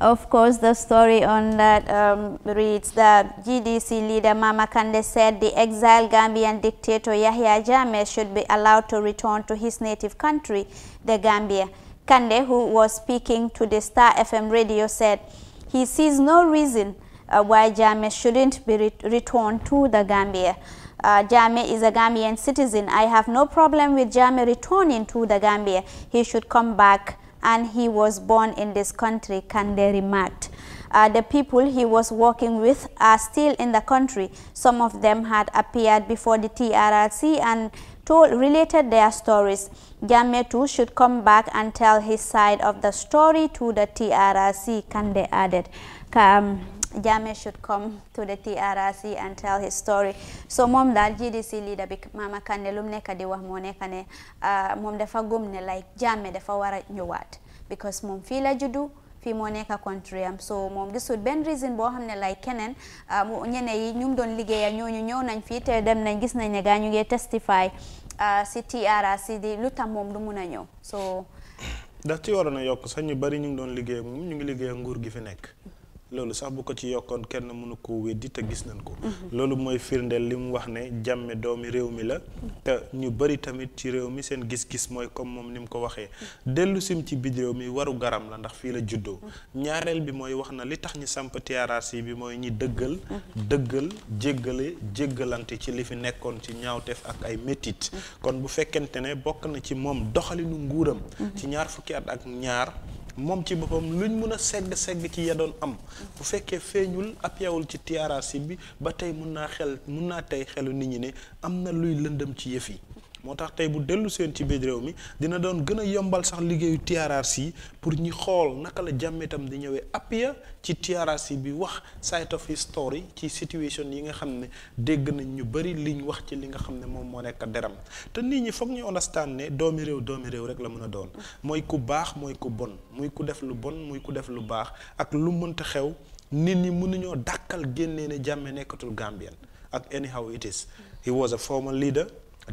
Of course, the story on that um, reads that GDC leader Mama Kande said the exiled Gambian dictator Yahya Jammeh should be allowed to return to his native country, the Gambia. Kande, who was speaking to the Star FM radio, said he sees no reason uh, why Jammeh shouldn't be re returned to the Gambia. Uh, Jammeh is a Gambian citizen. I have no problem with Jammeh returning to the Gambia. He should come back and he was born in this country, Kande remarked. Uh, the people he was working with are still in the country. Some of them had appeared before the TRRC and told, related their stories. Gametu too should come back and tell his side of the story to the TRRC, Kande added. Come. Um, Jammeh should come to the TRRC and tell his story so moom daal GDC leader bi Mama Kandeh lu mu nekk di wax moo nekk ne ah, moom dafa gëm ne like Jammeh dafa war a ñëwaat because moom fii la juddu fii moo nekk country am so moom gisul benn reason boo xam ne like keneen ah, ñene yi ñu doon liggéeya ñooñu ñëw nañ fii te dem nañ gis nañ ne gaa ñu ngi testify ah, si TRRC di lu tax moom du mun a ñëw so daf ci waroon a yokk sax ñu bari ñu ngi doon liggéey ak moom ñu ngi liggéey nguur gi fi nekk loolu sax bu ko ci yokkoon kenn mënu ko di te gis nañ ko. Mhm. loolu mooy firndeel li mu wax ne jàmme doomi réew mi la. te ñu bëri tamit ci réew mi seen gis-gis mooy comme moom ni mu ko waxee. Mhm. dellu sim ci biir mi waru garam la ndax fii la juddoo. Mhm. ñaareel bi mooy wax na li tax ñu samp TRRC bi mooy ñi dëggal. dëggal jéggale jéggalante ci li fi nekkoon ci ñaawteef ak ay métit kon bu fekkente ne bokk na ci moom doxalinu nguuram. ci ñaar fukki at ñaar. moom ci boppam luñ mun a segg segg ci ya doon am bu fekkee feeñul appewul ci tiyaaraasi bi ba tey mun naa xel mun naa tey xelu nit ñi ne am na luy lëndëm ci yëf yi moo tax tey bu dellu seen ci biir réew mi dina doon gën a yombal sax liggéeyu TRRC yi pour ñi xool naka la jàmm itam di ñëwee appia ci TRRC bi wax side of history ci situation yi nga xam ne dégg nañ ñu bëri liñ wax ci li nga xam ne moom moo nekk deram te nit ñi foog ñu understand ne doomi réew doomi réew rek la mën a doon mooy ku baax mooy ku bon muy ku def lu bon muy ku def lu baax ak lu mënta xew nit ñi mënuñoo dàkkal génnee ne jàmme nekkatul Gambien ak anyhow it is he was a former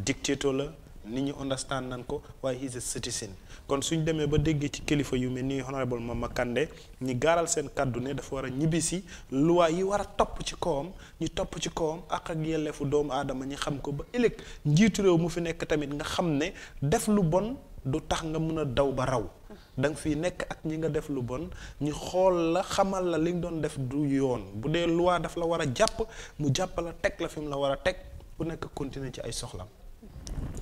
dictator la nit ñu understand nan ko waaye he is a citizen kon suñ demee ba déggee ci kilifa yu mel ni honorable ma Kandeh ñi gaaral seen kàddu ne dafa war a ñibbisi loi yi war a topp ci kawam ñu topp ci kawam ak ak yelleefu doomu aadama ñi xam ko ba ëllëg njiitu réew mu fi nekk tamit nga xam ne def lu bon du tax nga mën a daw ba raw danga fi nekk ak ñi nga def lu bon ñu xool la xamal la li doon def du yoon bu dee loi daf la war a jàpp mu jàpp teg la fi la war a teg ku nekk continuer ci ay soxlam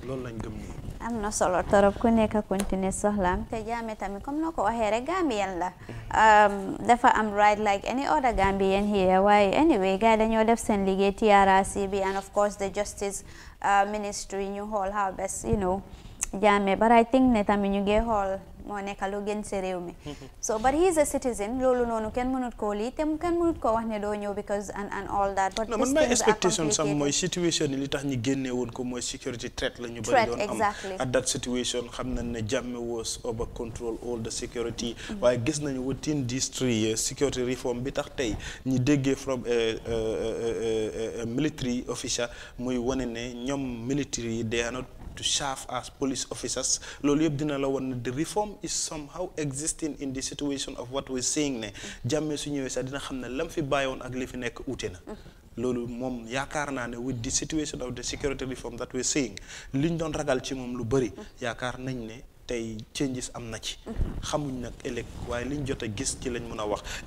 loolu lañ gëm nii. am na solo torop ku nekk continuer soxlaam te jaame tamit comme noo ko waxee rek Gambien la um, dafa am right like any other Gambien here waaye anyway gars dañoo def seen liggéey TRRC bi and of course the justice uh, ministry ñu xool how best you know jaame but I think ne tamit ñu ngi moo nekka lu gën si réew mi so but he is a citizen loolu noonu kenn mënut koo lii te kenn mënut koo wax ne doo ñëw because and all that but man my expectation mooy situation yi li tax ñu génnee woon ko mooy security threat la ñu bari doon am at that situation xam nañ ne Jammeh was over control all the security mm-hmm. waaye gis nañu within these three security reform bi tax tey ñi déggee from eh, eh, eh, military official muy wane ne ñoom military yi they not to serve as police officers loolu yëpp dina la woon na the reform is somehow existing in the situation of what we're seeing ne jàmmee su ñëwee sax dina xam ne lam fi bàyyi woon ak li fi nekk uute na loolu moom yaakaar naa ne with the situation of the security reform that we're seeing ñu doon ragal ci moom lu bëri yaakaar nañ ne tey changes am na ci mm-hmm. xamuñ nag ëllëg waaye liñ jot a gis ci lañ mun a wax